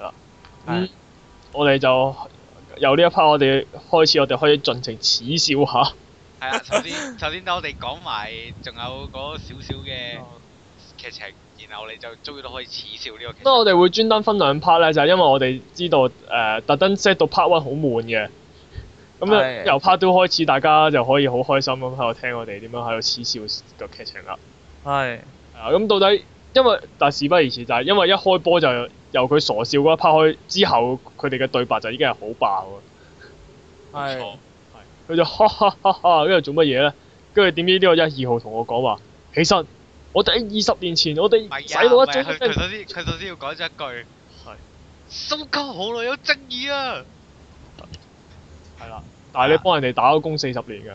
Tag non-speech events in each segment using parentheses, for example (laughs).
啦，係我哋就由呢一 part 我哋開始，我哋可以盡情恥笑下。係啊，首先 (laughs) 首先等我哋講埋，仲有嗰少少嘅劇情，然後你就終於都可以恥笑呢個劇情。不過我哋會專登分兩 part 咧，就係、是、因為我哋知道誒、呃，特登 set 到 part one 好悶嘅，咁啊是的 由 part two 開始，大家就可以好開心咁喺度聽我哋點樣喺度恥笑個劇情啦。係。係啊，咁到底因為但係事不宜遲，就係、是、因為一開波就。由佢傻笑嗰一拋開，之後佢哋嘅對白就已經係好爆。係是。係。佢就哈哈哈，哈，哈跟住做乜嘢咧？跟住點知呢個一二號同我講話：起身！我哋二十年前，我哋洗到一張、啊。佢首先，佢首先要講一句。係是。蘇好耐，有正義啊！係啦。但係你幫人哋打咗工四十年㗎。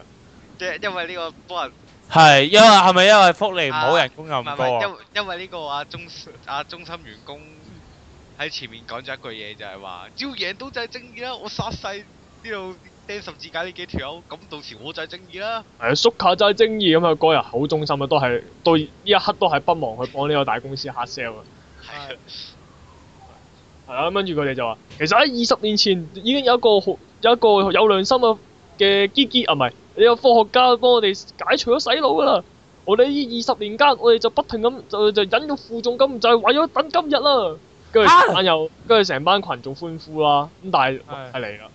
即係、啊、因為呢個幫人。係，因為係咪因為福利唔好，人工又唔高啊？啊因為呢、呢個啊中啊，啊中心員工。喺前面講咗一句嘢，就係話：只要贏到就係正義啦！我殺曬呢度釘十字架呢幾條友，咁到時我就係正義啦。係啊，蘇卡就係正義咁啊！嗰日好忠心啊，都係到呢一刻都係不忘去幫呢個大公司 hard sell 啊。係啊。係啊，跟住佢哋就話：其實喺二十年前已經有一個好有一個有良心嘅嘅 Gigi 啊，唔係你個科學家幫我哋解除咗洗腦㗎啦！我哋呢二十年間，我哋就不停咁就就忍辱負重咁，就係為咗等今日啦。跟住班又跟住成班群眾歡呼啦，咁但係係嚟啦！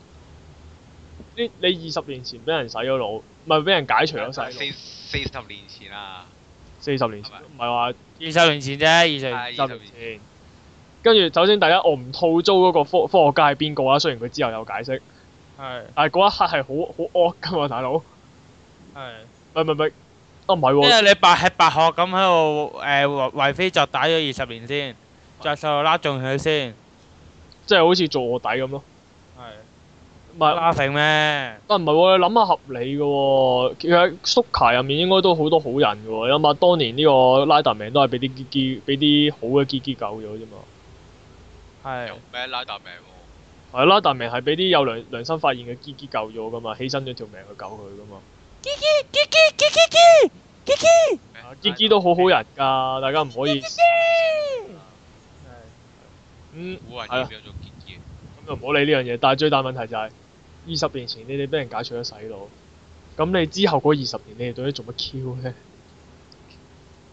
你二十年前俾人洗咗腦，唔係俾人解除咗晒。四四十年前啦，四十年前，唔係話二十年前啫，二十年前。跟住首先第一我唔套租嗰個科科學家係邊個啦？雖然佢之後有解釋，係，但係嗰一刻係好好惡噶嘛，大佬。係，唔唔哦，唔係喎。即係你白吃白喝咁喺度誒為非作歹咗二十年先。著手拉中佢先即，即係好似做臥底咁咯。係是，咪拉平咩？啊唔係喎，你諗下合理嘅喎、哦，其實蘇卡入面應該都好多好人嘅喎，有嘛？當年呢個拉達明都係俾啲基俾啲好嘅基基救咗啫嘛。係咩是拉達明、啊？係、啊、拉達明係俾啲有良良心發現嘅基基救咗噶嘛，犧牲咗條命去救佢噶嘛。基基基基基基基基基都好好人噶，大家唔可以。咁係啊，咁就唔好理呢樣嘢。但係最大問題就係二十年前你哋俾人解除咗洗腦，咁你之後嗰二十年你哋到底做乜 Q 呢？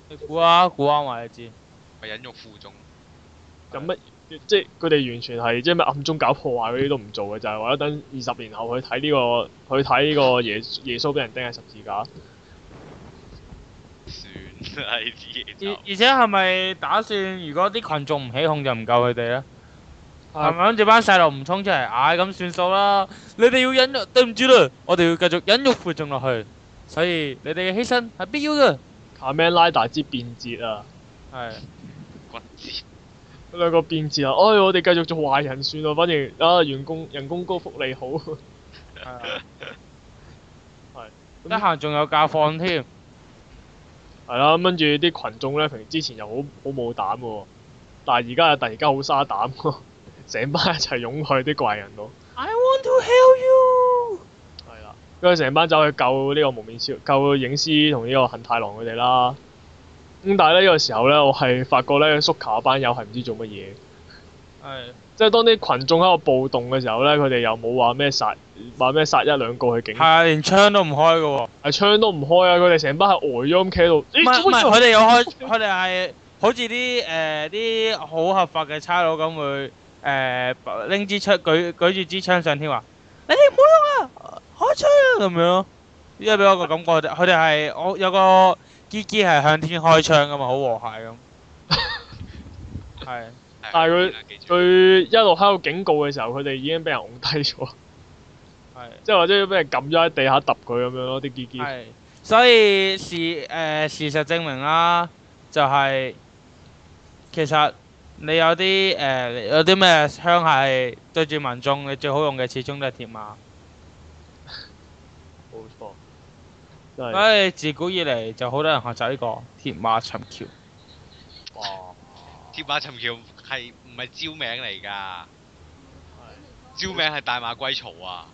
你估啊？估啊嘛？我話你知係忍辱負重？咁乜即係佢哋完全係即係乜暗中搞破壞嗰啲都唔做嘅，就係為咗等二十年後去睇呢個去睇呢個耶耶穌俾人釘喺十字架。算啦呢啲嘢。而而且係咪打算如果啲群眾唔起哄就唔救佢哋咧？係咪諗住班細路唔衝出嚟嗌咁算數啦？你哋要忍辱，對唔住啦，我哋要繼續忍辱負重落去。所以你哋嘅犧牲係必要嘅。阿 man 拉大之變節啊！係。嗰兩個變節啊！哎，我哋繼續做壞人算囉，反正啊，員工人工高，福利好。係。得閒仲有假放添。係啦，跟住啲群眾咧，平時之前又好好冇膽喎，但係而家又突然間好沙膽，成班一齊湧去啲怪人度。I want to help you。係啦，跟住成班走去救呢個蒙面超、救影師同呢個幸太郎佢哋啦。咁、嗯、但係呢、呢個時候咧，我係發覺咧，宿卡班友係唔知做乜嘢。係。即係當啲群眾喺度暴動嘅時候咧，佢哋又冇話咩殺，話咩殺一兩個去警。係啊，連槍都唔開嘅喎、啊。係槍、啊、都唔開啊！佢哋成班係呆咗咁企喺度。佢哋又開，佢哋係好似啲誒啲好合法嘅差佬咁會誒拎支槍舉舉住支槍上天話，你哋唔好喐啦，開槍啦！咁樣，呢個俾我個感覺佢哋係我有個機機係向天開槍噶嘛，好和諧咁。係。 (laughs) 但係佢佢一路喺度警告嘅時候，佢哋已經俾人㧬低咗，即 (laughs) 係是或者俾人撳咗喺地下揼佢咁樣咯啲結結。係，所以事誒、呃、事實證明啦，就係、是、其實你有啲誒、呃、有啲咩槍係對住民眾，你最好用嘅始終都係鐵馬。冇錯，因為自古以嚟就好多人學習呢、這個鐵馬尋橋。哦哇，鐵馬尋橋。係唔係招名嚟噶？招名係大馬歸曹啊！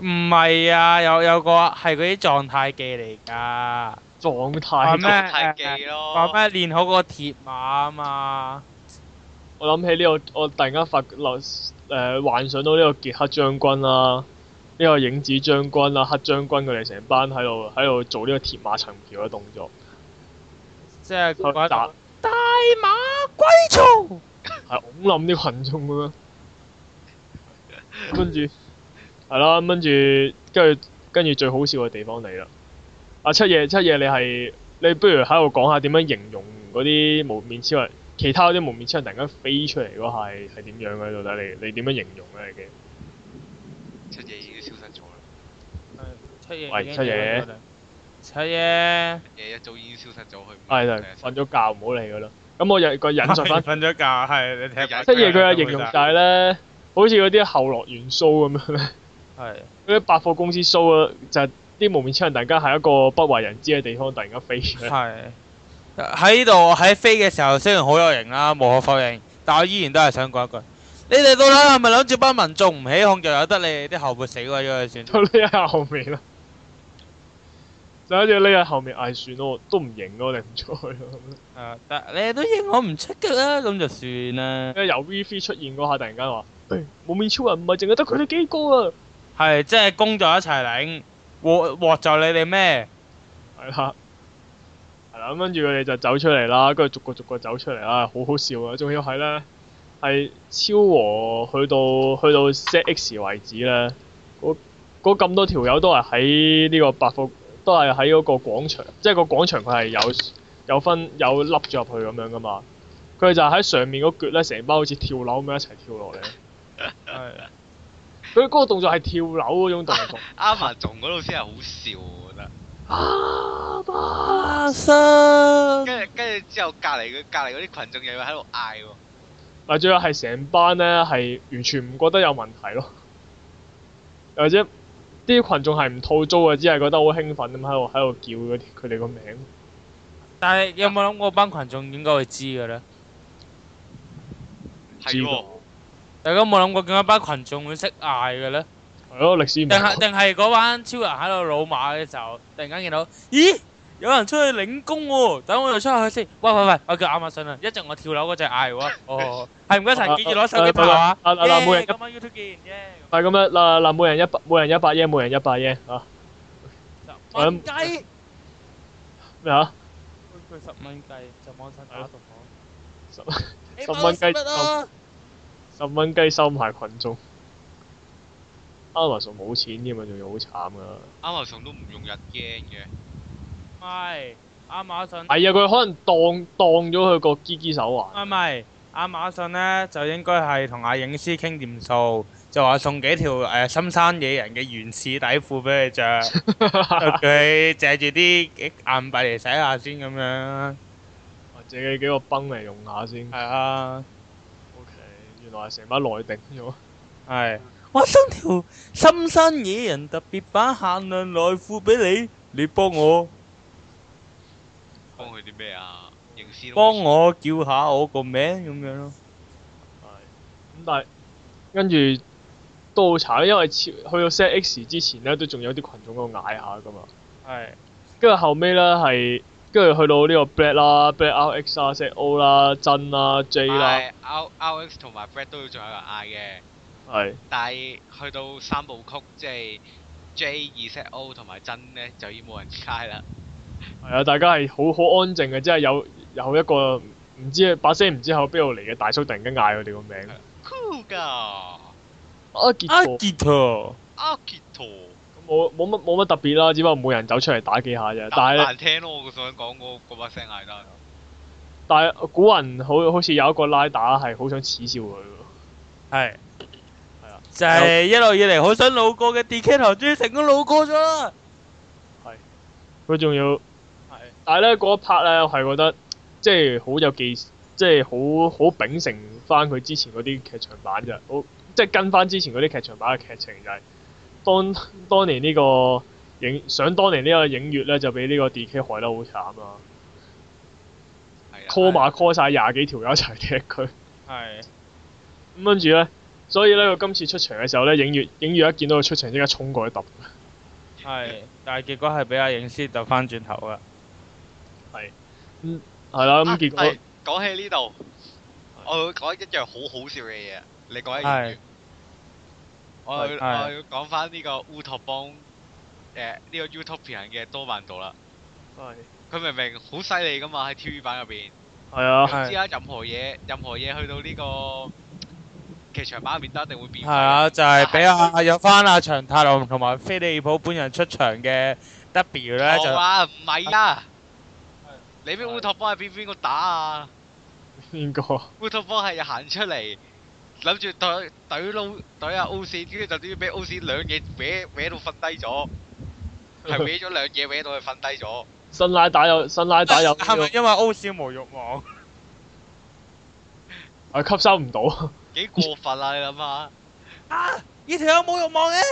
唔係啊，有有個係嗰啲狀態技嚟噶。狀態狀態技咯。話咩練好個鐵馬啊嘛！我諗起呢、這個，我突然間發誒、呃，幻想到呢個傑克將軍啦、啊，呢、這個影子將軍啦、啊，黑將軍佢哋成班喺度喺度做呢個鐵馬長橋嘅動作。即係佢打大馬歸曹。係拱冧啲群眾咁咯， (laughs) 跟住係啦，跟住跟住跟住最好笑嘅地方嚟啦！阿七爺，七爺，七你係你不如喺度講下點樣形容嗰啲無面超人？其他嗰啲無面超人突然間飛出嚟嗰係係點樣嘅，到底你你點樣形容咧？你家七爺已經消失咗啦，七爺，七爺，七爺，七爺，一早已經消失咗去。係係，瞓咗覺唔好嚟噶啦。咁、嗯、我又個人就翻，瞓咗覺係，你 (noise) 聽樂。即係佢嘅形容，但係咧，好似嗰啲後樂園 show 咁樣。係。嗰啲百貨公司 show 啊的，就啲、是、無面超人突然間喺一個不為人知嘅地方突然間飛。係。喺呢度喺飛嘅時候雖然好有型啦，無可否認，但我依然都係想講一句：你哋到底係咪諗住班民眾唔起鬨就有得你哋啲後輩死鬼咗就算。到你後面啦。 (laughs) (laughs) (laughs) 就好似呢日後面唉，算咯，都唔認咯，我哋唔出去咯。啊，但你哋都認我唔出嘅啦，咁就算啦。因為由 V Three 出現嗰下，突然間話冇面超人唔係淨係得佢哋幾個啊？係即係攻就一齊領，獲獲就你哋咩係啦係啦。咁跟住佢哋就走出嚟啦，跟住逐個逐個走出嚟啦，好好笑啊！仲要係咧係超和去到去到 Set X 為止咧，嗰嗰咁多條友都係喺呢個百貨。都係喺嗰個廣場，即係個廣場佢係有有分有凹咗入去咁樣噶嘛。佢就喺上面嗰腳咧，成班好似跳樓咁樣一齊跳落嚟。佢嗰 (laughs) 個動作係跳樓嗰種動作。阿啱仲嗰度先係好笑，我覺得。啊！ (laughs) (laughs) 跟住跟住之後，隔離佢隔離嗰啲群眾又要喺度嗌喎。啊！最後係成班咧係完全唔覺得有問題咯，或者？啲羣眾係唔套租嘅，只係覺得好興奮咁喺度喺度叫嗰啲佢哋個名。但係有冇諗過班羣眾點解會知嘅咧？係喎，大家有冇諗過點解班羣眾會識嗌嘅咧？係咯，歷史。定係定係嗰班超人喺度老馬嘅時候，突然間見到咦？有人出去領工喎，等我哋出去先。喂喂喂，我叫亞馬遜啊，一陣我跳樓嗰陣嗌我。哦，係唔該陳建志攞手機拍啊。啊啊！每人一百 yen，係咁樣嗱嗱，每人一百，每人一百 yen，每人一百 yen 啊。十蚊雞咩吓？佢十蚊雞就網上打獨火。十十蚊雞十蚊雞收埋群眾。亞馬遜冇錢嘅嘛，仲要好慘噶。亞馬遜都唔用日 yen 嘅。唔係亞馬遜，係啊、哎，佢可能當當咗佢個 Gigi 手啊。唔環。唔係，亞馬遜呢，就應該係同阿影師傾掂數，就話送幾條誒、呃、深山野人嘅原始底褲俾你着，佢 (laughs) 借住啲硬幣嚟洗下先咁樣，或者佢幾個泵嚟用下先。係啊，OK，原來係成班內定咗。係 (laughs) 是，我送條深山野人特別版限量內褲俾你，你幫我。幫佢啲咩啊？幫我叫下我個名咁樣咯。係。咁但係跟住到查咧，因為去到 set X 之前咧，都仲有啲群眾喺度嗌下噶嘛。係。跟住後尾咧，係跟住去到呢個 Brad 啦，Brad R X R set O 啦，真啦 J 啦。R R X 同埋 Brad 都要仲有人嗌嘅。係。但係去到三部曲，即係 J 二 set O 同埋真咧，就已經冇人猜啦。係 (laughs) 啊，大家係好好安靜嘅，即係有有一個唔知把聲唔知喺邊度嚟嘅大叔，突然間嗌我哋個名。Cool 㗎、啊，阿吉他，阿、啊、吉他，阿冇冇乜冇乜特別啦，只不過冇人走出嚟打幾下啫。但係難聽咯，我想講嗰把聲嗌得。但係古人好好似有一個拉打係好想恥笑佢嘅。係是，係 (laughs) 啊，即係一路以嚟好想路過嘅 D K 頭終於成功路過咗啦。係，佢仲要。但係咧嗰一 part 咧，我係覺得即係好有記，即係好好秉承翻佢之前嗰啲劇場版咋，好即係跟翻之前嗰啲劇場版嘅劇情就係、是、當當年呢、呢個影，想當年呢個影月咧就俾呢個 DK 害得好慘啊！call、啊啊、馬 call 晒廿幾條友一齊踢佢。係、啊。咁跟住咧，所以咧佢今次出場嘅時候咧，影月影月一見到佢出場，即刻衝過去揼。係，但係結果係俾阿影師揼翻轉頭啊！係，咁係啦。咁結果講起呢度，我會講一樣好好笑嘅嘢，你講一。係。我我講翻呢個烏托邦誒，呢個 utopian 嘅多曼度啦。係。佢明明好犀利噶嘛，喺 TV 版入邊。係啊。唔知啊，任何嘢，任何嘢去到呢個劇場版入邊都一定會變。係啊，就係俾阿有翻阿長太郎同埋菲利普本人出場嘅 W 咧就話唔係啊。你俾烏托邦喺邊，邊個打啊？邊個誰？烏托邦係行出嚟，諗住懟懟佬懟下 O C，跟住就終於俾 O C 兩嘢歪歪到瞓低咗。係搲咗兩嘢歪到佢瞓低咗。新拉打又新拉打又。係咪、啊，這個，因為 O C 無欲望？係、 (laughs) (laughs) (laughs) 啊、吸收唔到。幾 (laughs) (laughs) 過分啊！你諗下，啊，有有呢條有冇欲望嘅？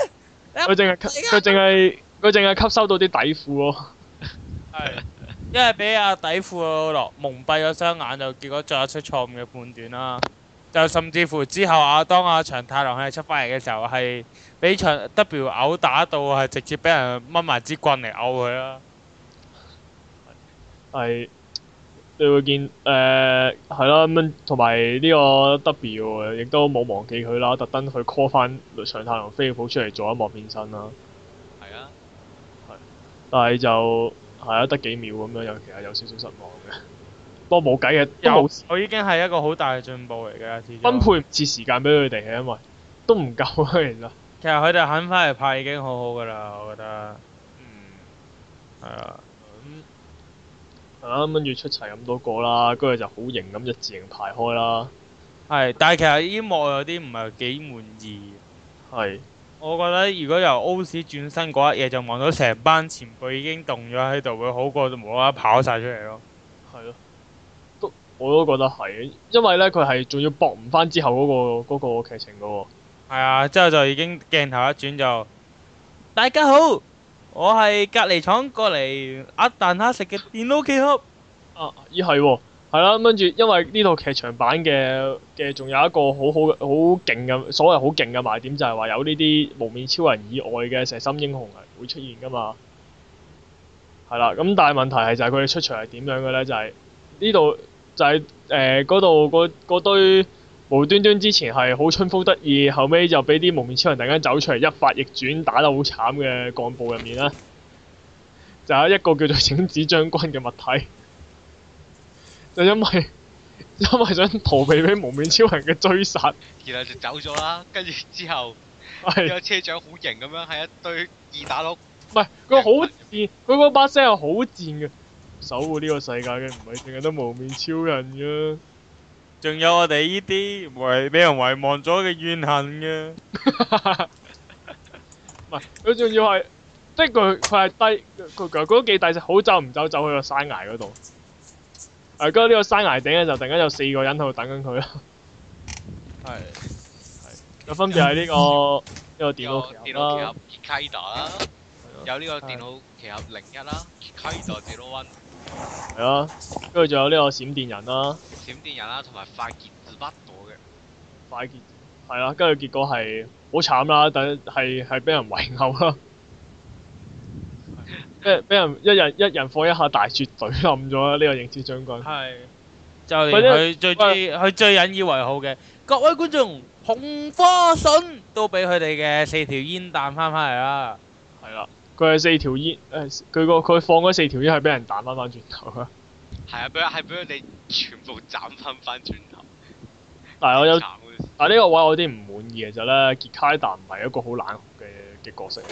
佢淨係吸，佢淨係佢淨係吸收到啲底褲咯。係。 (laughs) (laughs) 即係俾阿底庫洛蒙蔽咗雙眼，就結果作出錯誤嘅判斷啦。就甚至乎之後阿當阿長太郎喺出翻嚟嘅時候，係俾長 W 毆打到係直接俾人掹埋支棍嚟毆佢啦。係，你會見誒係啦咁樣，同埋呢個 W 亦都冇忘記佢啦，特登去 call 翻長太郎飛虎出嚟做一幕變身啦。係啊，係，但係就。係啊，得幾秒咁樣，有、 (noise) 嗯、 (noise) 其實有少少失望嘅。不過冇計嘅，又我已經係一個好大嘅進步嚟嘅。分配唔切時間俾佢哋，因為都唔夠啊，原來。其實佢哋肯翻嚟拍已經好好噶啦，我覺得。嗯。係啊。啊，跟、嗯、住出齊咁多個啦，跟住就好型咁就自行排開啦。係，但係其實呢幕有啲唔係幾滿意。係。我覺得如果由歐史轉身嗰日嘢，一就望到成班前輩已經凍咗喺度，會好過無啦啦跑晒出嚟咯。係咯、啊，都我都覺得係，因為呢，佢係仲要搏唔翻之後嗰、那個嗰、那個劇情噶喎、哦。係啊，之後就已經鏡頭一轉就，大家好，我係隔離廠過嚟呃蛋撻食嘅電腦機殼。啊，咦、哦，係喎。係啦，跟住因為呢套劇場版嘅嘅仲有一個好好好勁嘅所謂好勁嘅賣點就係話有呢啲無面超人以外嘅石心英雄係會出現噶嘛，係啦，咁但係問題係就係佢哋出場係點樣嘅咧？就係呢度就係誒嗰度嗰嗰堆無端端之前係好春風得意，後尾就俾啲無面超人突然間走出嚟一發逆轉打得好慘嘅幹部入面咧，就有一個叫做影子將軍嘅物體。就因為因為想逃避俾無面超人嘅追殺，然後就走咗啦。跟住 (laughs) 之後有 (laughs) 個車長好型咁樣，係一堆二打六，唔係佢好賤，佢嗰把聲係好賤嘅，守護呢個世界嘅唔係淨係得無面超人嘅。仲有我哋呢啲唔係俾人遺忘咗嘅怨恨嘅，唔係佢仲要係即係佢佢係低佢佢嗰幾大隻好走唔走，走去個山崖嗰度。誒，跟住呢個山崖頂咧，就突然間有四個人喺度等緊佢咯。係係的，有，有分別係呢個呢個電腦，電腦奇俠 Gekida 啦，有呢個電腦奇俠零一啦，Gekida Zero One 係啊，跟住仲有呢個閃電人啦。閃電人啦，同埋快傑巴朵嘅。快捷。係啊，跟住結果係好慘啦，等係係俾人圍毆啦。 (laughs) 俾俾人一人一人放一下大絕，懟冧咗呢個影子將軍。係就佢最佢者最，最引以為豪嘅各位觀眾紅花筍都俾佢哋嘅四條煙彈翻翻嚟啦。係啦，佢係四條煙誒，佢個佢放嗰四條煙係俾人彈翻翻轉頭。係啊，俾係俾佢哋全部斬翻翻轉頭。但係我有啊呢個位我有啲唔滿意嘅就咧，杰卡達唔係一個好冷酷嘅嘅角色。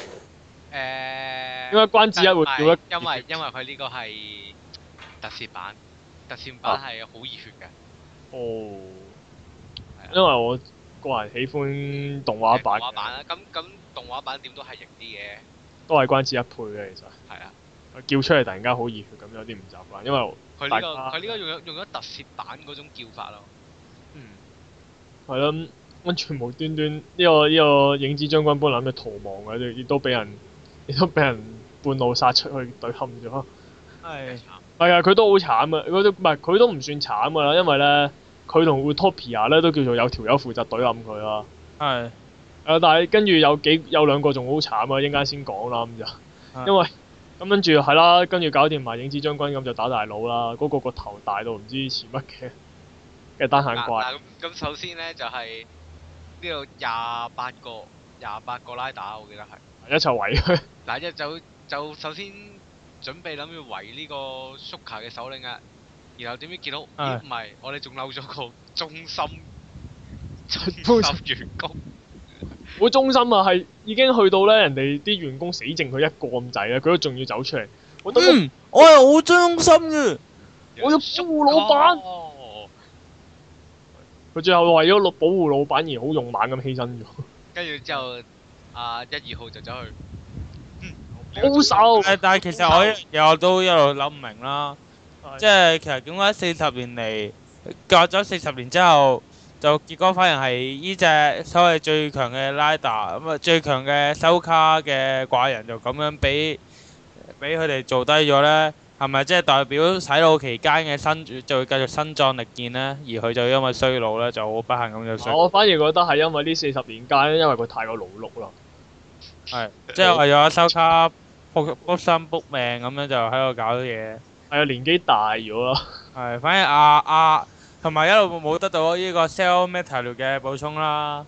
誒，uh, 因為關智一是會叫一，因為因為佢呢個係特攝版，特攝版係好熱血嘅。哦，oh, Yeah. 因為我個人喜歡動畫版。嗯、動畫版啊，咁咁動畫版點都係型啲嘅，都係關智一配嘅其實。係啊。佢叫出嚟突然間好熱血，咁有啲唔習慣，因為佢呢、這個佢呢個用咗用咗特攝版嗰種叫法咯。嗯。係咯，完全無端端呢、這個呢、這個這個影子將軍本嚟諗嘅逃亡嘅，亦都俾人。亦都俾人半路殺出去，隊冚咗。係。 (laughs) 係啊！佢都好慘啊。佢都唔係佢都唔算慘嘅啦，因為咧，佢同 Utopia 咧都叫做有條友負責隊冚佢啦。係的。誒、啊，但係跟住有幾有兩個仲好慘啊！一陣間先講啦咁就，因為咁的跟住係啦，跟住搞掂埋影子將軍，咁就打大佬啦。嗰、那個個頭大到唔知似乜嘅，嘅單眼怪。咁、啊、首先咧就係呢度廿八個廿八個拉打，我記得係。一齊圍佢。嗱，就就首先準備諗住圍呢個蘇卡嘅首領啊，然後點知見到，咦，唔係，我哋仲漏咗個忠心，忠心員工。我忠心啊，係已經去到咧，人哋啲員工死剩佢一個咁滯啦，佢都仲要走出嚟。嗯，我係好忠心嘅，我要保護老闆。佢最後為咗保保護老闆而好勇敢咁犧牲咗。跟住之後。啊！一二號就走去，高手。但係其實我又都一路諗唔明啦，即係其實點解四十年嚟，隔咗四十年之後，就結果反而係呢隻所謂最強嘅拉打咁啊，最強嘅收卡嘅怪人就咁樣俾俾佢哋做低咗咧？係咪即係代表洗腦期間嘅新主就會繼續身壯力健咧？而佢就因為衰老咧，就好不幸咁樣衰。我反而覺得係因為呢四十年間，因為佢太過老碌啦。係，即係為咗收卡，卜卜心卜命咁樣就喺度搞嘢。係啊，年紀大咗咯。係，反而阿阿同埋一路冇得到呢個 sell metal 嘅補充啦。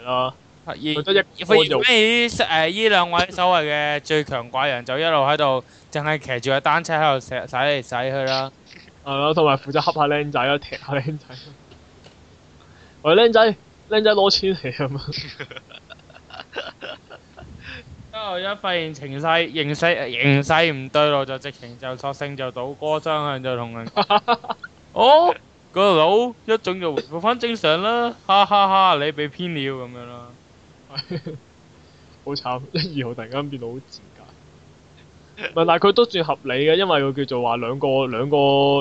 係咯。係，而而反而呢啲誒呢兩位所謂嘅最強怪人就一路喺度淨係騎住個單車喺度駛嚟駛去啦。係咯，同埋負責恰下靚仔啦，踢下靚仔。喂，靚仔，靚仔攞錢嚟啊！我一發現情勢形勢形勢唔對路，就直情就索性就倒戈相向，就同人哦嗰度倒一轉就回復翻正常啦，哈哈哈！你被偏了咁樣啦， (laughs) (laughs) 好慘！一二號突然間變到好賤格，唔係但係佢都算合理嘅，因為佢叫做話兩個兩個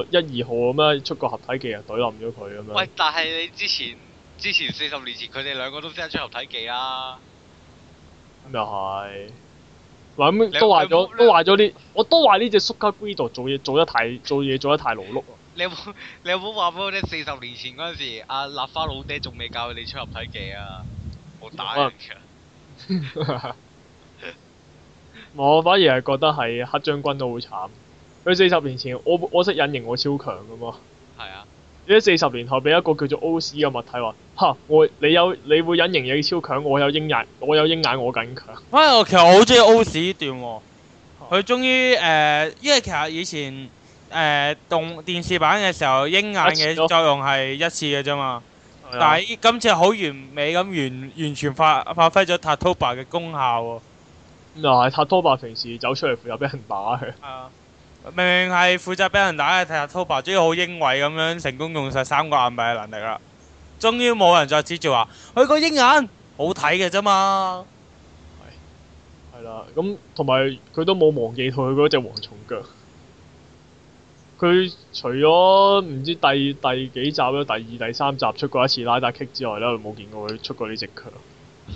一二號咁樣出個合體技啊，懟冧咗佢咁樣。喂，但係你之前之前四十年前佢哋兩個都識得出合體技啊。咁又係，嗱咁有都話咗，你有都話咗啲，我都話呢隻蘇卡布道做嘢做得太，做嘢做得太勞碌，碌你。你有冇你有冇話俾我聽？四十年前嗰陣時，阿、啊、立花老爹仲未教你出入體技啊？好大你噶。 (laughs) (laughs) 我反而係覺得係黑將軍都好慘，佢四十年前，我我識隱形，我，我超強噶嘛。係啊。呢四十年後，俾一個叫做 O.C. 嘅物體話，吓，我你有你會隱形嘢，超強，我有鷹眼，我有鷹眼，我更強。我其實好中意 O.C. 呢段，哦，佢終於誒，因為其實以前誒，呃，動電視版嘅時候，鷹眼嘅作用係一次嘅啫嘛。哦，但係今次好完美咁完完全發發揮咗 Tatoba 嘅功效，哦。嗱，Tatoba 平時走出嚟，又俾人打佢，啊。明明係負責俾人打嘅，睇下 Tatoba 終於好英偉咁樣成功用晒三個硬幣嘅能力啦，終於冇人再指住話佢個鷹眼好睇嘅啫嘛，係係啦，咁同埋佢都冇忘記佢嗰隻蝗蟲腳，佢除咗唔知第第幾集啦，第二第三集出過一次拉達 Kick 之外咧，冇見過佢出過呢隻腳。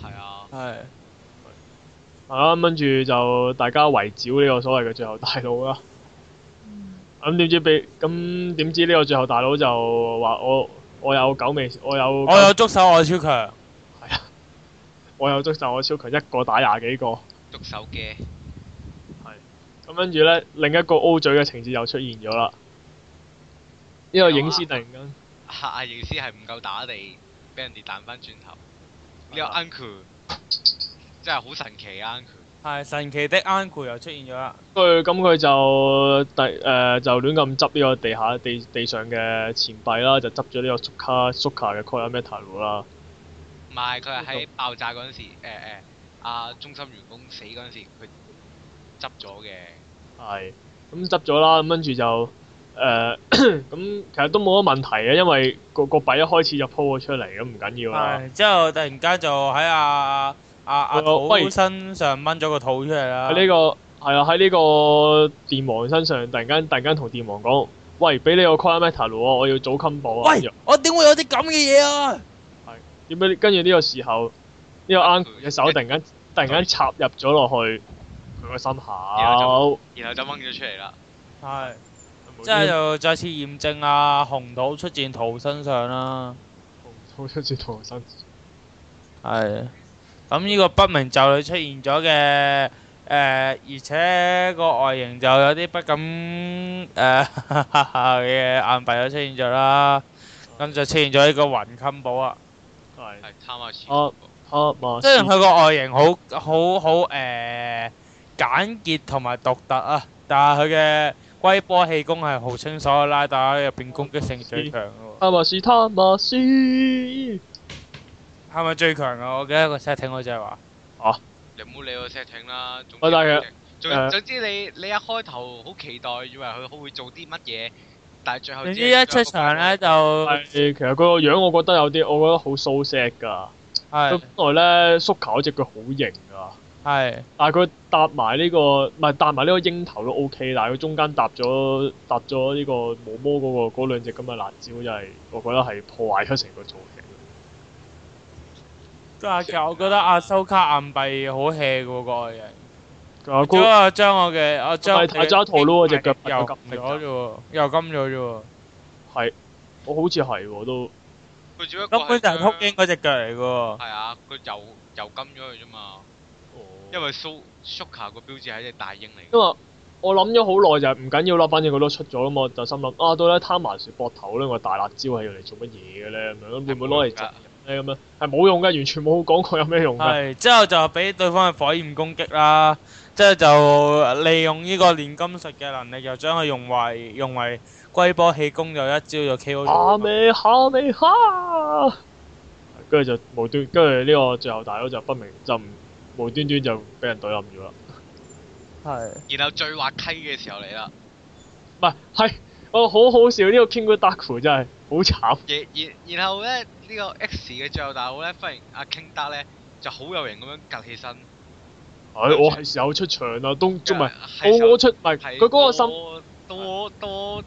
係啊，係係啦，啊跟住就大家圍剿呢個所謂嘅最後大佬啦。咁點、嗯、知俾？咁點知呢個最後大佬就話我我有九尾，我有我有捉手，我超強。係啊，我有捉手我、哎，我，手我超強，一個打廿幾個。捉手嘅。係。咁跟住咧，另一個 O 嘴嘅情節又出現咗啦。呢、呢個影師突然間。阿影師係唔夠打地，俾人哋彈翻轉頭。呢個 uncle 真係好神奇啊！ (music) 係神奇的安庫又出現咗啦。佢咁佢就第誒、呃、就亂咁執呢個地下地地上嘅錢幣啦，就執咗呢個 Suka 嘅 coin metal 啦。唔係，佢係喺爆炸嗰陣時，誒、呃、誒、啊，中心員工死嗰陣時，佢執咗嘅。係、嗯。咁執咗啦，咁跟住就誒，咁、呃 (coughs) 嗯、其實都冇乜問題嘅，因為個個幣一開始就鋪咗出嚟，咁唔緊要啦。之後突然間就喺啊。阿阿土身上掹咗個土出嚟啦！喺呢、這個係啊，喺呢個電王身上，突然間突然間同電王講：喂，俾你個 quantum meter 我要早 combine 啊！喂，我點會有啲咁嘅嘢啊？係點解？跟住呢個時候，呢、這個 a n 嘅手突然間對突然間插入咗落去佢個心口，然後就掹咗出嚟啦。係是，即係端就再次驗證阿紅土出現土身上啦。紅土出現土身，係。咁呢、這個不明就裏出現咗嘅誒，而且個外形就有啲不敢誒嘅硬幣都出現咗啦，咁就出現咗呢個雲襟寶啊，係，係貪墨師，雖然佢個外形好好好誒簡潔獨同埋獨特啊，但係佢嘅龜波氣功係號稱所有拉，但係入邊攻擊性最強喎。阿墨是貪墨師。係咪最強噶？我記得個 setting 我就係話，啊，哦，你唔好理個 setting 啦。我總，總之你你一開頭好期待，以為佢會做啲乜嘢，但係最後總之一出場咧就，其實佢個樣我覺得有啲，我覺得好 so sad s a d k 噶係。咁本來咧，蘇卡嗰隻腳好型㗎。係。但係佢搭埋呢，這個，唔係搭埋呢個鷹頭都 OK，但係佢中間搭咗搭咗呢個毛毛嗰個嗰兩隻咁嘅辣椒，就係我覺得係破壞咗成個造型。阿杰，我覺得阿修卡硬幣好 hea 嘅喎，嗰個嘢。我將我嘅，我將阿將阿兔攞我隻腳。又金咗啫喎！又金咗啫喎！係，我好似係喎都。根本就係禿鷹嗰隻腳嚟嘅。係啊，佢又又金咗佢啫嘛。哦。因為修修卡個標誌係隻大鷹嚟。因為我諗咗好耐就係唔緊要啦，反正佢都出咗啦嘛，就心諗啊到咧攤埋樹膊頭咧，個大辣椒係用嚟做乜嘢嘅咧咁樣？會唔會攞嚟？係咁樣，係冇用噶，完全冇講過有咩用噶。係之後就俾對方嘅火焰攻擊啦，即係就利用呢個煉金術嘅能力，又將佢用為用為龜波氣功，又一招就 K.O. 咗。哈尾哈尾哈，跟住就無端，跟住呢個最後大佬就不明就唔無端端就俾人懟冧咗啦。係。然後最滑稽嘅時候嚟啦。唔係，係。哦，好好笑呢個 Kingo Darko 真係好慘。然然然後咧，呢個 X 嘅最後大佬咧，忽然阿 Kingo Darko 咧就好有型咁樣趌起身。係，我係時候出場啦，都仲未，我我出唔係佢嗰個心，到我到誒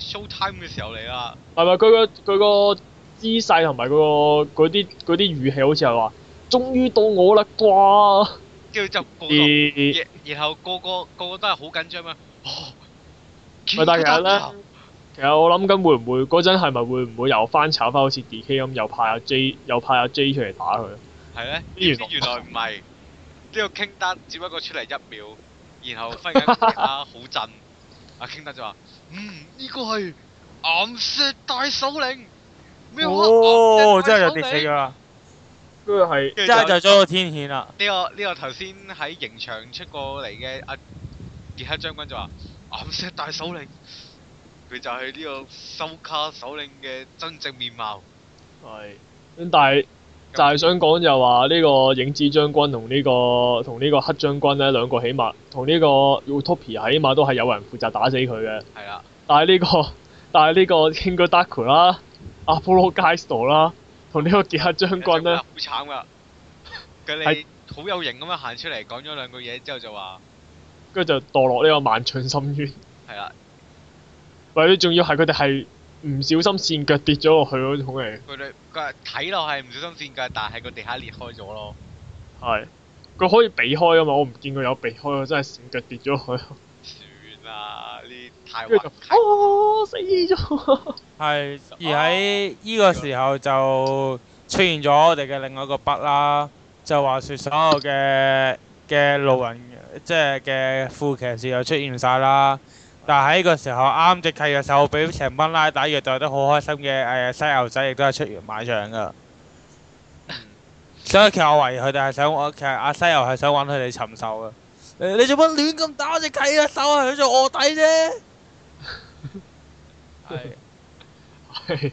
show time 嘅時候嚟啦。係咪佢個佢個姿勢同埋佢個嗰啲啲語氣好似係話，終於到我啦啩？跟住就個個，然後個個個個都係好緊張咩？喂，但係其實咧，啊、其實我諗緊會唔會嗰陣係咪會唔會又翻炒翻好似 D.K. 咁，又派阿 J 又派阿 J 出嚟打佢？係咧呢，咦后？原來唔係呢個傾德，只不過出嚟一秒，然後忽然間突然好震，阿傾德就話：嗯，呢、這個係岩石大首領，咩話？哦、岩石大首領，佢係，即係就咗、是這個天險啦。呢、這個呢、這個頭先喺刑場出過嚟嘅阿杰克將軍就話。暗色大首領，佢、嗯、就係呢個收卡首領嘅真正面貌。係。咁但係就係想講就話呢個影子將軍同呢、這個同呢個黑將軍呢兩個起碼同呢個 Utopia 起碼都係有人負責打死佢嘅。係的、這個 er、啦。但係呢個但係呢個 King Darko 啦，Apollo Gaestro 啦，同呢個傑克將軍咧，好慘噶。佢哋好有型咁樣行出嚟講咗兩句嘢之後就話。跟住就墮落呢個萬丈深淵。係啦。喂，或者仲要係佢哋係唔小心跣腳跌咗落去咯，咁嘅。佢哋，佢睇落係唔小心跣腳，但係個地下裂開咗咯。係。佢可以避開啊嘛，我唔見佢有避開，真係跣腳跌咗落去算。算啦，你太滑。哦、啊，死咗。係。而喺呢個時候就出現咗我哋嘅另外一個筆啦，就話説所有嘅嘅路人。即係嘅副騎士又出現晒啦，但係喺呢個時候啱隻契約獸俾成班拉打，亦都好開心嘅。誒，西游仔亦都係出完買獎噶。所以其實我懷疑佢哋係想，其實阿西游係想揾佢哋尋仇噶。你你做乜亂咁打隻契約獸啊？佢做臥底啫。係係，即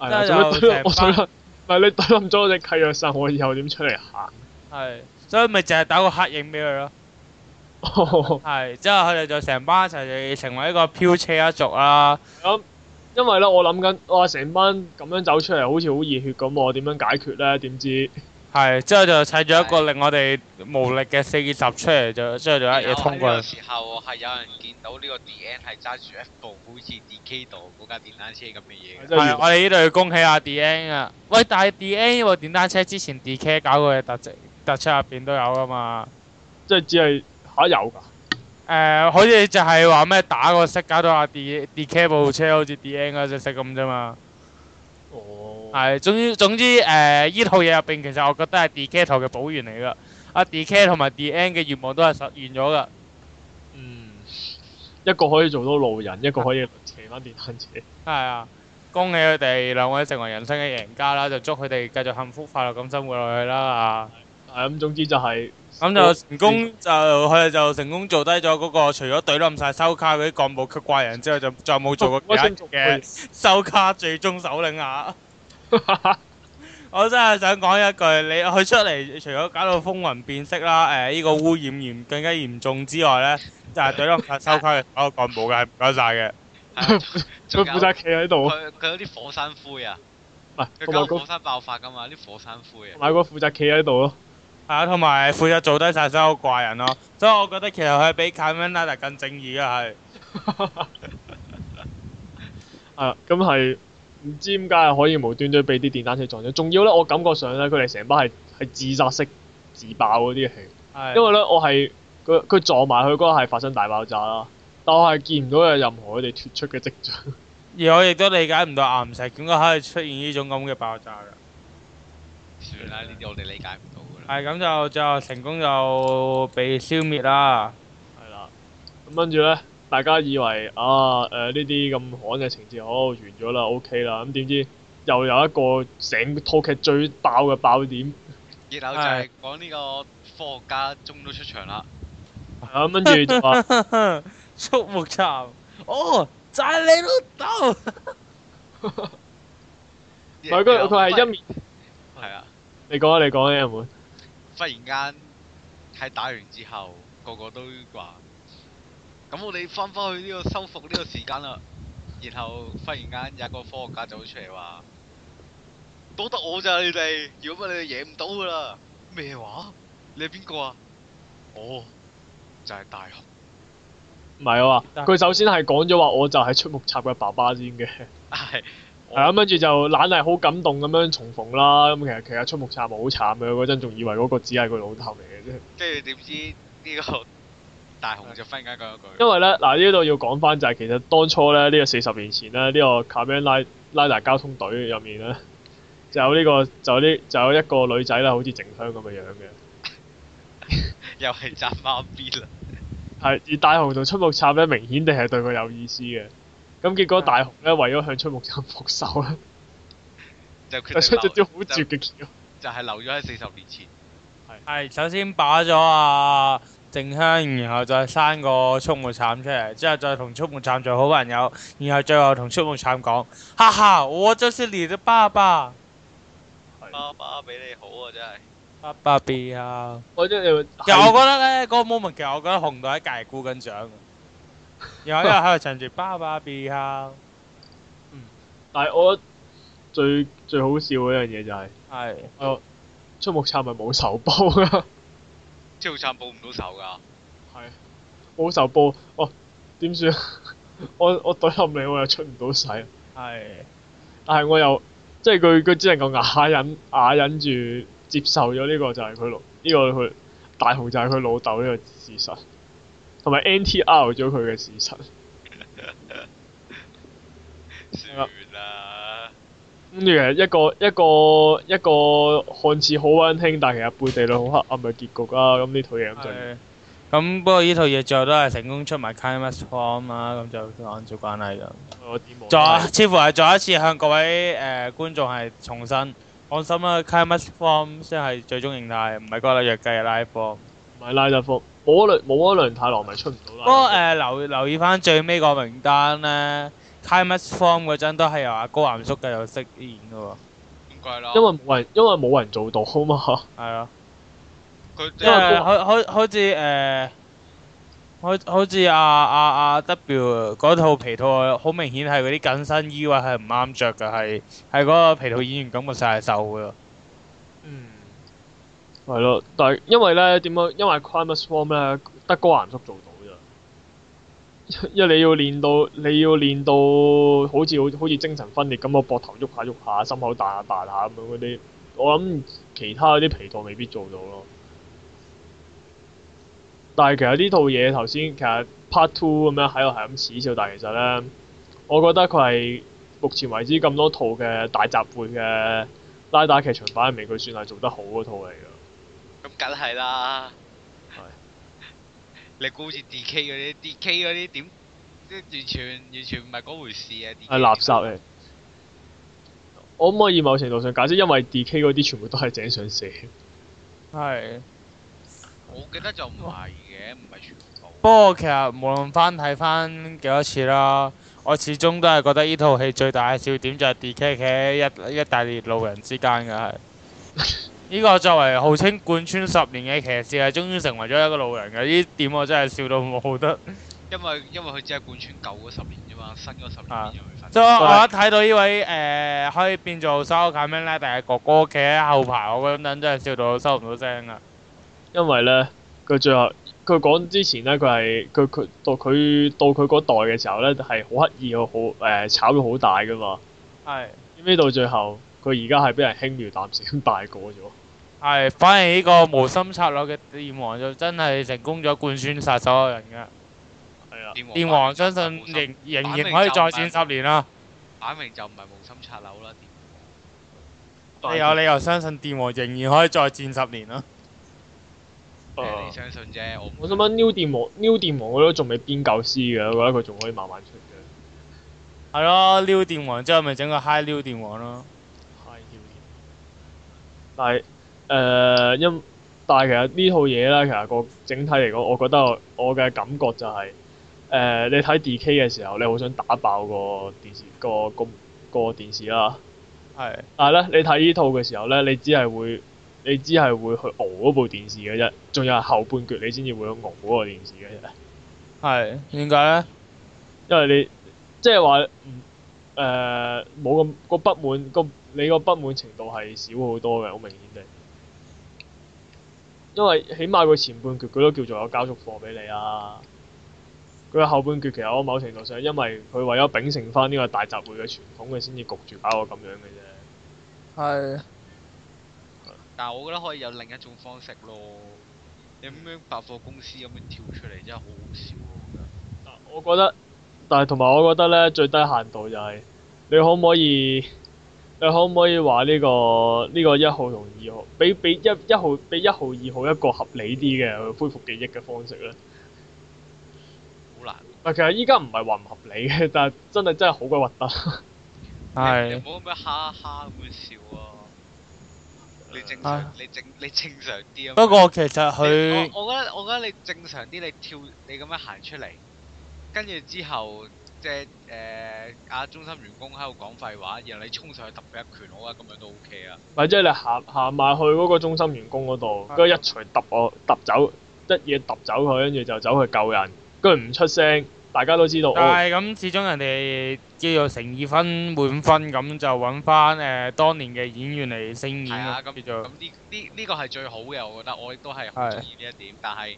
係就長班。唔係你打咁多隻契約獸，我以後點出嚟行？係，所以咪淨係打個黑影俾佢咯。係，之 (laughs) 後佢哋就成班一齊成為一個飆車一族啦。咁因為咧，我諗緊，哇，成班咁樣走出嚟，好似好熱血咁喎，點樣解決咧 (laughs) 對？點知係，之後就砌咗一個令我哋無力嘅四節集出嚟就，之後就一嘢通過。有時候係有人見到呢個 D N 係揸住一部好似 D K 度嗰架電單車咁嘅嘢。我哋呢度要恭喜阿 D N 啊！喂，但係 D N 呢部電單車之前 D K 搞過嘅特突，突，突出突出入邊都有噶嘛？即係只係。吓、啊、有噶？誒、呃，好似就係話咩打個色，搞到阿 D D K 部車好似 (laughs) D N 嗰隻色咁啫嘛。哦。係，總之總之誒，呢、呃、套嘢入邊，其實我覺得係 D K 頭嘅保源嚟噶。啊 D K 同埋 D N 嘅願望都係實現咗噶。嗯。一個可以做到路人， (laughs) 一個可以騎翻電單車。係啊，恭喜佢哋兩位成為人生嘅贏家啦！就祝佢哋繼續幸福快樂咁生活落去啦，啊，係咁，總之就係、是。咁就成功就佢就成功做低咗嗰個，除咗懟冧晒收卡嗰啲幹部佢怪人之外，就再冇做過解嘅收卡最終首領啊！我真係想講一句，你佢出嚟除咗搞到風雲變色啦，誒呢個污染嚴更加嚴重之外咧，就懟冧晒收卡嗰個幹部嘅係唔得晒嘅。佢負責企喺度。佢佢嗰啲火山灰啊！唔係佢搞火山爆發噶嘛？啲火山灰啊！買個負責企喺度咯。係啊，同埋負責做低晒所有怪人咯、哦，所以我覺得其實佢比卡文拉達更正義嘅係， (laughs) (laughs) 啊咁係唔知點解係可以無端端俾啲電單車撞咗，仲要咧我感覺上咧佢哋成班係係自殺式自爆嗰啲嘅，1 因為咧我係佢佢撞埋去嗰下係發生大爆炸啦，但係我係見唔到有任何佢哋脫出嘅跡象，而我亦都理解唔到岩石點解可以出現呢種咁嘅爆炸㗎。算啦， (laughs) 呢啲我哋理解唔到。係咁就最後成功就被消滅啦。係啦，咁跟住咧，大家以為啊，誒呢啲咁好嘅情節，好、哦、完咗啦，OK 啦。咁、嗯、點知又有一個整套劇最爆嘅爆點，然後就係講呢個霍家中都出場啦。係啊，跟住就話蘇 (laughs) 沐橙，哦，就係你老豆。佢佢佢係一面。係啊 Yeah,。你講下你講啊，阿門。忽然間喺打完之後，個個都話咁，我哋翻翻去呢個修復呢個時間啦。然後忽然間有一個科學家走出嚟話：多得我就咋你哋，如果唔係你哋贏唔到噶啦。咩話？你係邊個啊？哦、oh，就係大雄。唔係啊嘛，佢首先係講咗話，我就係出木杉嘅爸爸先嘅。係。 (laughs) 係咁跟住就懶係好感動咁樣重逢啦，咁其實其實出木插好慘嘅，嗰陣仲以為嗰個只係個老頭嚟嘅啫。跟住點知呢個大雄就忽然間講一句。 (laughs) 因為咧，嗱呢度要講翻就係其實當初咧呢、呢個四十年前咧呢、呢個卡梅拉拉大交通隊入面咧，就有呢、呢個就呢、呢個、就有一個女仔啦，好似靜香咁嘅樣嘅。 (laughs) (laughs) 又係集貓 B 啦。係而大雄同出木插咧，明顯地係對佢有意思嘅。咁結果大雄咧為咗向出木杉復仇咧，就出咗招好絕嘅橋，就係留咗喺四十年前。係，係首先擺咗阿靜香，然後再生個出木杉出嚟，之後再同出木杉做好朋友，然後最後同出木杉講：哈哈，我就是你的爸爸。爸爸比你好啊，真係。爸爸比啊。我真係，其實我覺得咧嗰個 moment 其實我覺得紅到隔籬鼓緊掌。又又喺度趁住包把皮啊，嗯， (laughs) (laughs) 但係我最最好笑嗰樣嘢就係、是，係哦是、呃，出木杉咪冇仇報咯，即係木杉報唔到仇噶。係冇仇報，哦、 (laughs) 我點算？我我懟入你，我又出唔到世。係是，但係我又即係佢佢只能夠啞忍啞忍住接受咗呢個就係佢老呢個佢大雄就係佢老豆呢個事實。同埋 NTR 咗佢嘅事實。 (laughs) 算啦。咁其實一個一個一個看似好温馨，但其實背地裏好黑暗嘅結局啊！咁、嗯、呢套嘢咁。不過呢套嘢最後都係成功出埋 Climax Form 啦、啊，咁就按照慣例咁。再， (laughs) 似乎係再一次向各位誒、呃、觀眾係重申，放心啦，Climax Form 先係最終形態，唔係嗰兩弱雞嘅拉夫，唔係拉德福。冇一輪冇一輪太郎咪出唔到啦。不過誒留留意翻最尾個名單咧，Kymus Form 嗰陣都係由阿高岩叔繼續飾演噶喎。唔怪咯。因為冇人因為冇人，人做到好嘛。係啊。佢、啊。因為好好好似誒，好好似阿阿阿 W 嗰套皮套，好明顯係嗰啲緊身衣話係唔啱著噶，係係嗰個皮套演員咁嘅係瘦噶。係咯、啊，但係因為咧點解？因為《因為因為 Crime Storm》咧，得高蘭足做到咋，因為你要練到你要練到好似好似精神分裂咁嘅膊頭喐下喐下，心口彈下彈下咁樣嗰啲。我諗其他嗰啲皮套未必做到咯。但係其實呢套嘢頭先其實 Part Two 咁樣喺度係咁恥笑，但係其實咧，我覺得佢係目前為止咁多套嘅大集會嘅拉打劇場版入面，佢算係做得好嗰套嚟㗎。梗係啦，係 (laughs) 你估住 D K 嗰啲，D K 嗰啲點即係完全完全唔係嗰回事啊！係垃圾嚟。我可唔可以某程度上解釋，因為 D K 嗰啲全部都係井上寫。係是，我記得就唔係嘅，唔係全部。 (laughs) 不過其實無論翻睇翻幾多次啦，我始終都係覺得呢套戲最大嘅笑點就係 D K 嘅一一大列路人之間嘅係。 (laughs) 呢個作為號稱貫穿十年嘅騎士，係終於成為咗一個老人嘅呢點，我真係笑到我好得。因為因為佢只係貫穿舊十年啫嘛，新嗰十年即我一睇到呢位誒可以變做收緊 men 但係哥哥企喺後排，我覺得真係笑到收唔到聲啊！因為咧，佢最後佢講之前咧，佢係佢佢到佢到佢嗰代嘅時候咧，係好刻意好誒炒到好大㗎嘛。係。咁呢到最後，佢而家係俾人輕描淡寫咁大過咗。係，反而呢個無心插柳嘅電王就真係成功咗貫穿殺手所有人嘅係啊。電王相信仍仍然可以再戰十年啦。擺明就唔係無心插柳啦，電王。你有理由相信電王仍然可以再戰十年啦、欸。你相信啫，我。我想問 New 電王，New 電王我覺得仲未編夠詩嘅，我覺得佢仲可以慢慢出嘅、嗯。係咯，New 電王之後咪整個 High New 電王咯。High New 電王。但係。誒、呃、因，但係其實套呢套嘢咧，其實個整體嚟講，我覺得我嘅感覺就係、是、誒、呃、你睇 D.K. 嘅時候，你好想打爆個電視個個個電視啦。係。是的 但係咧，你睇呢套嘅時候咧，你只係會你只係會，會去熬嗰部電視嘅啫，仲有後半橛你先至會去熬嗰個電視嘅啫。係點解咧？因為你即係話誒冇咁個不滿個你個不滿程度係少好多嘅，好明顯地。因為起碼佢前半決佢都叫做有交足貨俾你啊，佢後半決其實我某程度上，因為佢為咗秉承翻呢個大集會嘅傳統，佢先至焗住搞個咁樣嘅啫。係是。是但係我覺得可以有另一種方式咯，你咁樣百貨公司咁樣跳出嚟真係好好笑啊！我覺得，但係我覺得，但係同埋我覺得咧，最低限度就係你可唔可以？你可唔可以話呢個呢個一號同二號，俾俾一一號俾一號二號一個合理啲嘅恢復記憶嘅方式咧？好難。啊，其實依家唔係話唔合理嘅，但係真係真係好鬼核突。係是。你唔好咁樣哈哈咁笑啊！你正常，是你正，你正常啲啊！不過其實佢，我覺得我覺得你正常啲，你跳，你咁樣行出嚟，跟住之後。即係啊中心員工喺度講廢話，然後你衝上去揼佢一拳，我覺得咁樣都 OK 啊。咪即係你行行埋去嗰個中心員工嗰度，跟住 (noise) 一錘揼我，揼走一嘢揼走佢，跟住就走去救人，跟住唔出聲，大家都知道但，但係咁始終人哋叫做誠意分滿分，咁就揾翻誒當年嘅演員嚟飾演啊。咁呢呢呢個係、這個、最好嘅，我覺得，我亦都係好中意呢一點。但係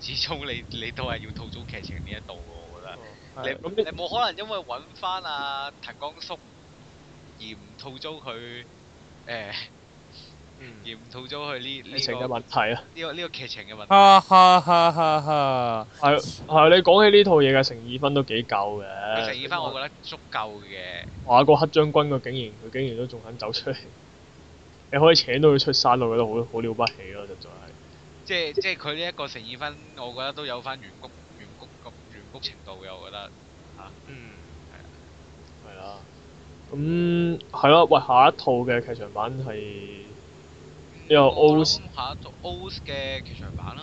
始終你你都係要吐槽劇情呢一度。你你冇可能因為搵翻阿滕光叔而唔吐槽佢，誒、欸，而唔吐槽佢呢呢劇情嘅問題啊？呢、這個呢、這個劇情嘅問題。哈哈哈！哈係係，你講起呢套嘢嘅誠意分都幾夠嘅。誠意分我覺得足夠嘅。哇！個黑將軍個竟然佢竟然都仲肯走出嚟，你可以請到佢出山，我覺得好好了不起咯，實在係。即係即係佢呢一個誠意分，我覺得都有翻員工程度嘅，我覺得嚇，嗯，係啊，係啊，咁係咯，喂，下一套嘅劇場版係呢個 O，下一套 O’s 嘅劇場版啦，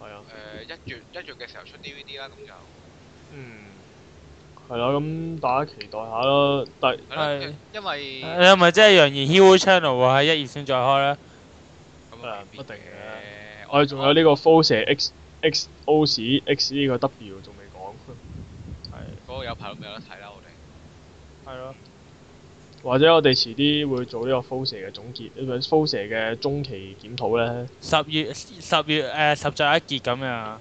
係啊，誒一月一月嘅時候出 DVD 啦，咁就嗯係啦，咁大家期待下咯，但係，因為你係咪即係楊言 Heal Channel 喎？喺一二先再開咧，咁唔一定嘅，我哋仲有呢個 Full X X O’s X 呢個 W 仲。嗰個有排都未有得睇啦，啊，我哋。係咯。或者我哋遲啲會做呢個 Foser 嘅總結 f o s e 嘅中期檢討咧。十月、呃、十月誒十集一結咁樣。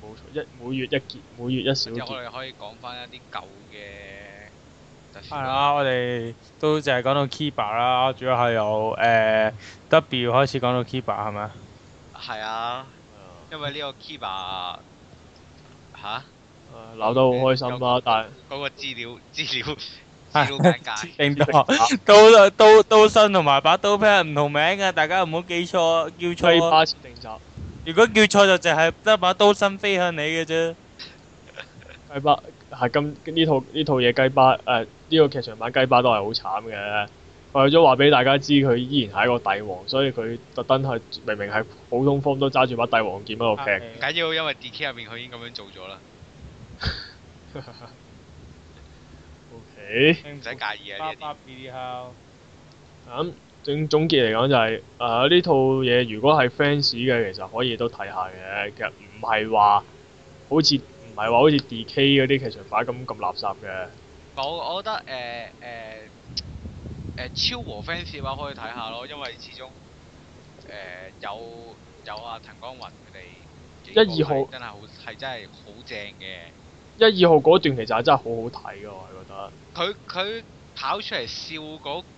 冇、嗯、錯，一每月一結，每月一小結。我哋可以講翻一啲舊嘅。係啊，我哋都淨係講到 Kiba 啦，主要係由誒 W 開始講到 Kiba 係咪啊？係啊、嗯。因為呢個 Kiba 嚇。鬧、嗯、得好開心啦，但係嗰個資料資料係定咗刀刀刀身同埋把刀柄唔同名㗎，大家唔好記錯叫錯。雞巴定集，如果叫錯、嗯、就就淨係得把刀身飛向你嘅啫。係巴，係、啊、咁，呢套，呢套嘢雞巴誒、呢、啊，這個劇場版雞巴都係好慘嘅。為咗話俾大家知，佢依然係一個帝王，所以佢特登係明明係普通方都揸住把帝王劍喺度劈。唔緊要，因為 D K 入面佢已經咁樣做咗啦。O K，唔使介意啊！啲咁總總結嚟講就係，是，啊、呢、呃、套嘢如果係 fans 嘅，其實可以都睇下嘅。其實唔係話好似唔係話好似 D K 嗰啲劇場版咁咁垃圾嘅。我我覺得誒誒誒超和 fans 嘅話可以睇下咯，因為始終誒，呃、有有啊陳光雲佢哋一二號真係好係真係好正嘅。一二號嗰段其實係真係好好睇㗎，我覺得。佢佢跑出嚟笑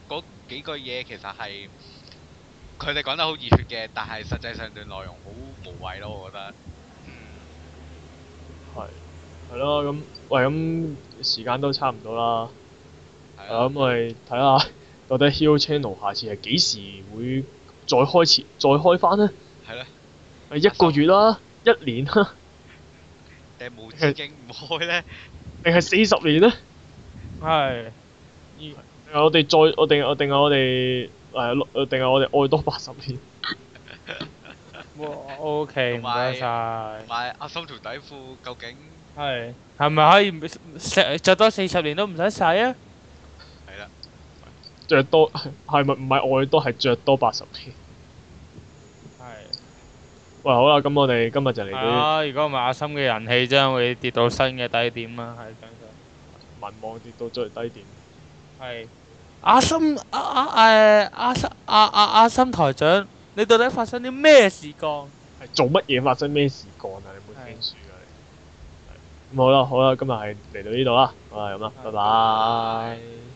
嗰幾句嘢，其實係。佢哋講得好熱血嘅，但係實際上段內容好無謂咯，我覺得。嗯。係。係咯，咁喂，咁時間都差唔多啦。係是的、啊。咁我哋睇下，到底《Hill Channel》下次係幾時會再開始再開翻呢？係咧。誒一個月啦、啊，一年啦、啊。係冇止境唔開咧，定係四十年咧？係。我哋再，我定我定係我哋，誒，定係我哋愛多八十年。哇，OK，唔該曬。同埋阿心條底褲究竟？係。係咪可以唔著著多四十年都唔使洗啊？係啦。著多係咪唔係愛多係著多八十年？喂，好啦，咁我哋今日就嚟到。啊，如果唔係阿森嘅人氣，將會跌到新嘅低點啦。係等陣，民望跌到最低點。係阿森，阿阿誒阿森阿阿阿森台長，你到底發生啲咩事幹？係做乜嘢發生咩事幹啊？你冇聽住啊？你。好啦，好啦，今日係嚟到呢度啦，咁啊，拜拜。